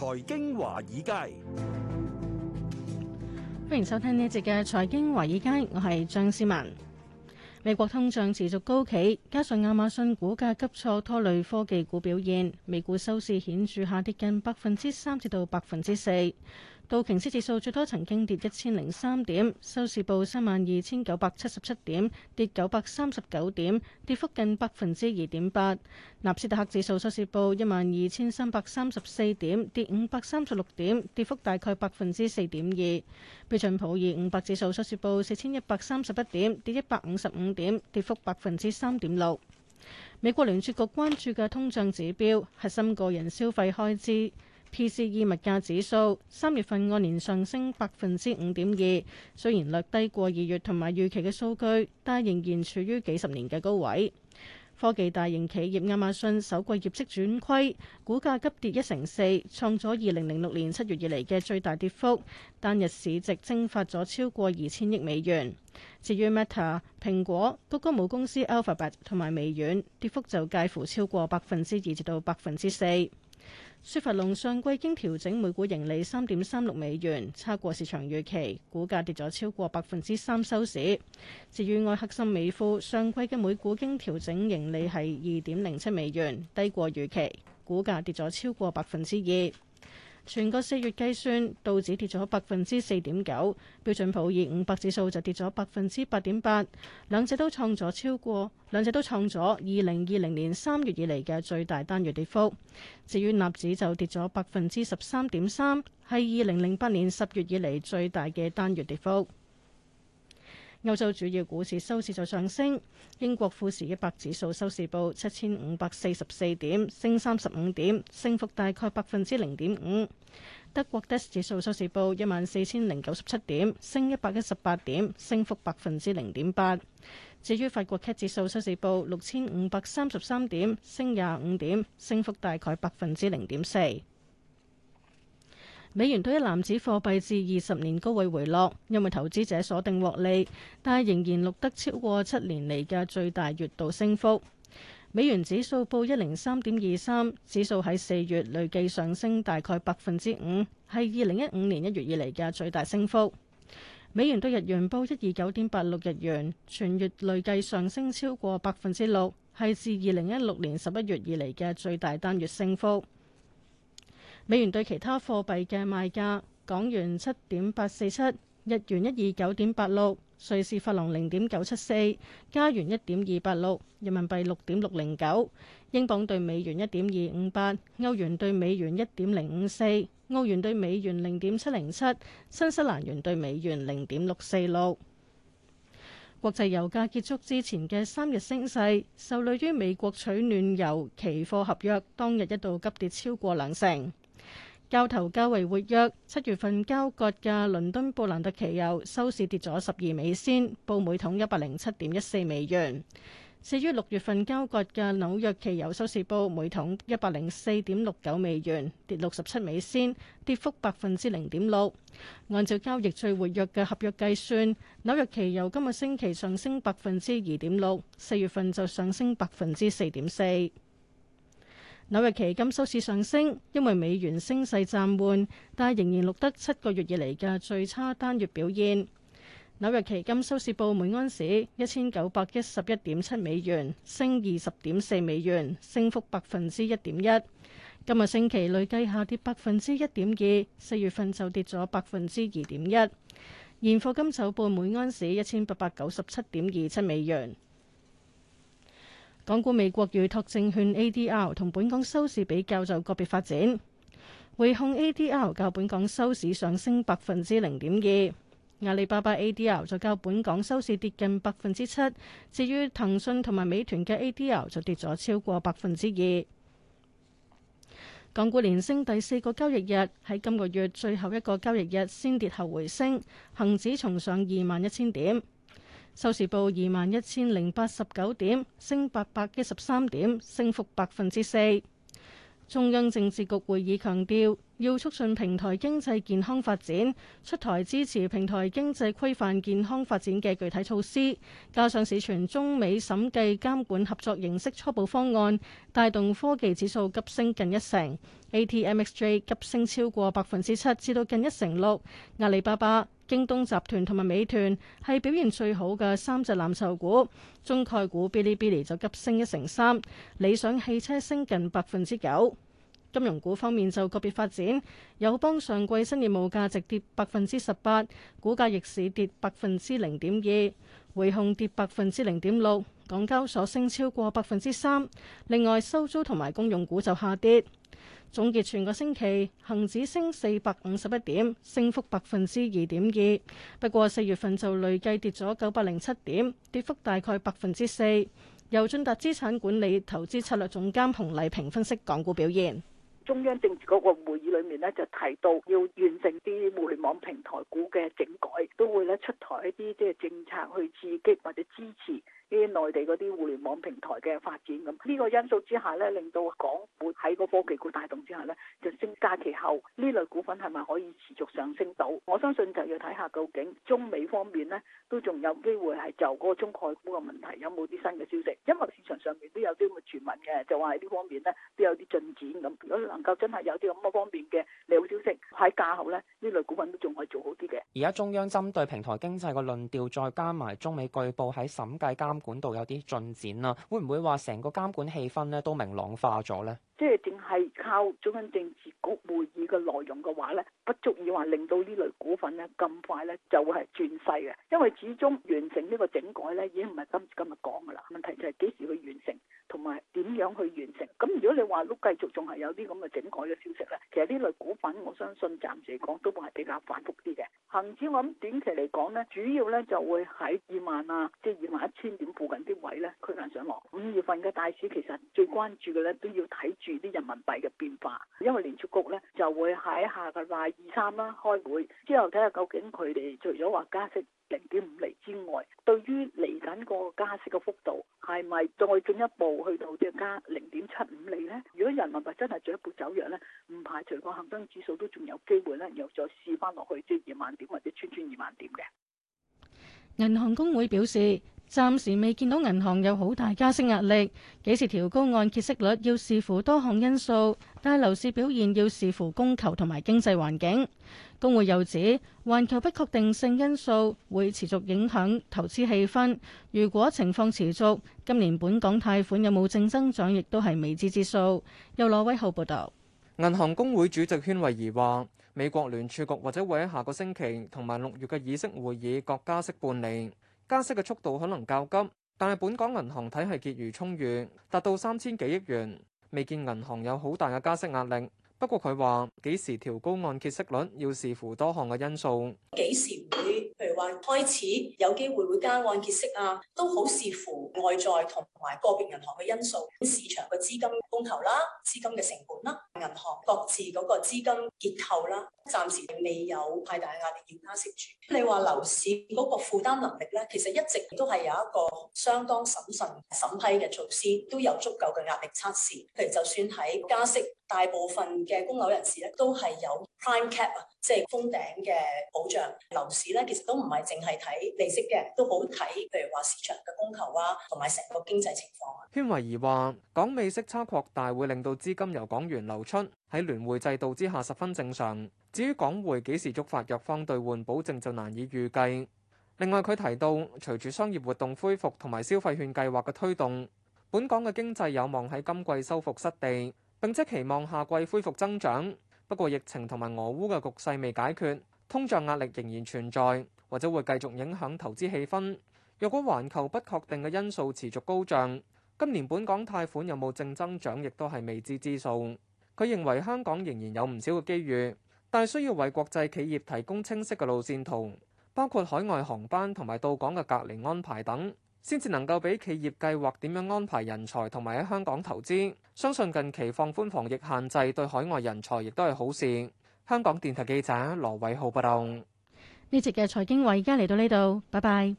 財經華爾街，歡迎收聽呢節嘅財經華爾街，我係張思文。美國通脹持續高企，加上亞馬遜股價急挫，拖累科技股表現。美股收市顯著下跌近百分之三至到百分之四。道瓊斯指數最多曾經跌一千零三點，收市報三萬二千九百七十七點，跌九百三十九點，跌幅近百分之二點八。納斯達克指數收市報一萬二千三百三十四點，跌五百三十六點，跌幅大概百分之四點二。標準普爾五百指數收市報四千一百三十一點，跌一百五十五點，跌幅百分之三點六。美國聯儲局關注嘅通脹指標核心個人消費開支。PCE 物價指數三月份按年上升百分之五點二，雖然略低過二月同埋預期嘅數據，但仍然處於幾十年嘅高位。科技大型企業亞馬遜首季業績轉虧，股價急跌一成四，創咗二零零六年七月以嚟嘅最大跌幅，單日市值蒸發咗超過二千億美元。至於 Meta、蘋果、谷歌母公司 Alphabet 同埋微軟，跌幅就介乎超過百分之二至到百分之四。雪佛龍上季經調整每股盈利三點三六美元，差過市場預期，股價跌咗超過百分之三收市。至於愛克森美孚上季嘅每股經調整盈利係二點零七美元，低過預期，股價跌咗超過百分之二。全個四月計算，道指跌咗百分之四點九，標準普爾五百指數就跌咗百分之八點八，兩隻都創咗超過，兩隻都創咗二零二零年三月以嚟嘅最大單月跌幅。至於納指就跌咗百分之十三點三，係二零零八年十月以嚟最大嘅單月跌幅。歐洲主要股市收市在上升，英國富時一百指數收市報七千五百四十四點，升三十五點，升幅大概百分之零點五。德國 DAX 指數收市報一萬四千零九十七點，升一百一十八點，升幅百分之零點八。至於法國 CAC 指數收市報六千五百三十三點，升廿五點，升幅大概百分之零點四。美元兌一籃子貨幣自二十年高位回落，因為投資者鎖定獲利，但係仍然錄得超過七年嚟嘅最大月度升幅。美元指數報一零三點二三，指數喺四月累計上升大概百分之五，係二零一五年一月以嚟嘅最大升幅。美元兌日元報一二九點八六日元，全月累計上升超過百分之六，係自二零一六年十一月以嚟嘅最大單月升幅。美元對其他貨幣嘅賣價：港元七點八四七，日元一二九點八六，瑞士法郎零點九七四，加元一點二八六，人民幣六點六零九，英鎊對美元一點二五八，歐元對美元一點零五四，澳元對美元零點七零七，新西蘭元對美元零點六四六。國際油價結束之前嘅三日升勢，受累於美國取暖油期貨合約當日一度急跌超過兩成。交投較為活躍，七月份交割嘅倫敦布蘭特期油收市跌咗十二美仙，報每桶一百零七點一四美元。至於六月份交割嘅紐約期油收市報每桶一百零四點六九美元，跌六十七美仙，跌幅百分之零點六。按照交易最活躍嘅合約計算，紐約期油今個星期上升百分之二點六，四月份就上升百分之四點四。紐約期金收市上升，因為美元升勢暫緩，但仍然錄得七個月以嚟嘅最差單月表現。紐約期金收市報每安士一千九百一十一點七美元，升二十點四美元，升幅百分之一點一。今日星期累計下跌百分之一點二，四月份就跌咗百分之二點一。現貨金收報每安士一千八百九十七點二七美元。港股美國預託證券 ADR 同本港收市比較就個別發展，匯控 ADR 較本港收市上升百分之零點二，阿里巴巴 ADR 就較本港收市跌近百分之七，至於騰訊同埋美團嘅 ADR 就跌咗超過百分之二。港股連升第四個交易日，喺今個月最後一個交易日先跌後回升，恒指重上二萬一千點。收市報二萬一千零八十九點，升八百一十三點，升幅百分之四。中央政治局會議強調，要促進平台經濟健康發展，出台支持平台經濟規範健康發展嘅具體措施，加上市傳中美審計監管合作形式初步方案，帶動科技指數急升近一成，ATMXJ 急升超過百分之七，至到近一成六，阿里巴巴。京東集團同埋美團係表現最好嘅三隻藍籌股，中概股嗶哩嗶哩就急升一成三，理想汽車升近百分之九。金融股方面就個別發展，友邦上季新業務價值跌百分之十八，股價逆市跌百分之零點二，匯控跌百分之零點六。港交所升超過百分之三，另外收租同埋公用股就下跌。總結全個星期，恒指升四百五十一點，升幅百分之二點二。不過四月份就累計跌咗九百零七點，跌幅大概百分之四。由進達資產管理投資策略總監洪麗萍分析港股表現。中央政治局個會議裏面咧，就提到要完成啲互聯網平台股嘅整改，都會咧出台一啲即係政策去刺激或者支持啲內地嗰啲互聯網平台嘅發展。咁呢個因素之下咧，令到港股喺個科技股帶動之下咧，就升價。其後呢類股份係咪可以持續上升到？我相信就要睇下究竟中美方面呢，都仲有機會係就嗰個中概股嘅問題有冇啲新嘅消息，因為市場上面都有啲咁嘅傳聞嘅，就話喺呢方面咧都有啲進展咁。如果能夠真係有啲咁嘅方面嘅利好消息喺架後咧，呢類股份都仲可以做好啲嘅。而家中央針對平台經濟嘅論調，再加埋中美據報喺審計監管度有啲進展啦，會唔會話成個監管氣氛咧都明朗化咗咧？即係淨係靠中央政治局會議嘅內容嘅話咧，不足以話令到呢類股份咧咁快咧就會係轉勢嘅，因為始終完成呢個整改咧已經唔係今次今日講噶啦，問題就係幾時去完成。樣去完成咁，如果你話都繼續仲係有啲咁嘅整改嘅消息呢，其實呢類股份我相信暫時嚟講都係比較反覆啲嘅。恆指我諗短期嚟講呢，主要呢就會喺二萬啊，即係二萬一千點附近啲位呢，區間上落。五月份嘅大市其實最關注嘅呢都要睇住啲人民幣嘅變化，因為聯儲局呢就會喺下個禮拜二三啦開會之後睇下究竟佢哋除咗話加息零點五厘之外，對於嚟緊個加息嘅幅度。係咪再進一步去到即係加零點七五厘咧？如果人民幣真係進一步走弱咧，唔排除個恒生指數都仲有機會咧，又再試翻落去即係二萬點或者穿穿二萬點嘅。銀行公會表示。暫時未見到銀行有好大加息壓力，幾時調高按揭息率要視乎多項因素，但係樓市表現要視乎供求同埋經濟環境。公會又指，環球不確定性因素會持續影響投資氣氛，如果情況持續，今年本港貸款有冇正增長亦都係未知之數。由羅威浩報導。銀行公會主席禤惠儀話：美國聯儲局或者會喺下個星期同埋六月嘅議息會議各加息半釐。加息嘅速度可能較急，但係本港銀行體系結餘充裕，達到三千幾億元，未見銀行有好大嘅加息壓力。不過佢話幾時調高按揭息率，要視乎多項嘅因素。幾時會，譬如話開始有機會會加按揭息啊，都好視乎外在同埋個別銀行嘅因素、市場嘅資金供求啦、資金嘅成本啦、銀行各自嗰個資金結構啦。暫時未有太大壓力要加息住。你話樓市嗰個負擔能力咧，其實一直都係有一個相當審慎審批嘅措施，都有足夠嘅壓力測試。譬如就算喺加息，大部分嘅供樓人士咧都係有 prime cap 啊，即係封頂嘅保障。樓市咧，其實都唔係淨係睇利息嘅，都好睇，譬如話市場嘅供求啊，同埋成個經濟情況啊。軒維儀話：港美息差擴大會令到資金由港元流出，喺聯匯制度之下十分正常。至於港匯幾時觸發弱方兌換保證，就難以預計。另外，佢提到隨住商業活動恢復同埋消費券計劃嘅推動，本港嘅經濟有望喺今季收復失地。並且期望下季恢復增長，不過疫情同埋俄烏嘅局勢未解決，通脹壓力仍然存在，或者會繼續影響投資氣氛。若果環球不確定嘅因素持續高漲，今年本港貸款有冇正增長亦都係未知之數。佢認為香港仍然有唔少嘅機遇，但係需要為國際企業提供清晰嘅路線圖，包括海外航班同埋到港嘅隔離安排等。先至能夠俾企業計劃點樣安排人才同埋喺香港投資，相信近期放寬防疫限制對海外人才亦都係好事。香港電台記者羅偉浩報道。呢節嘅財經話，而家嚟到呢度，拜拜。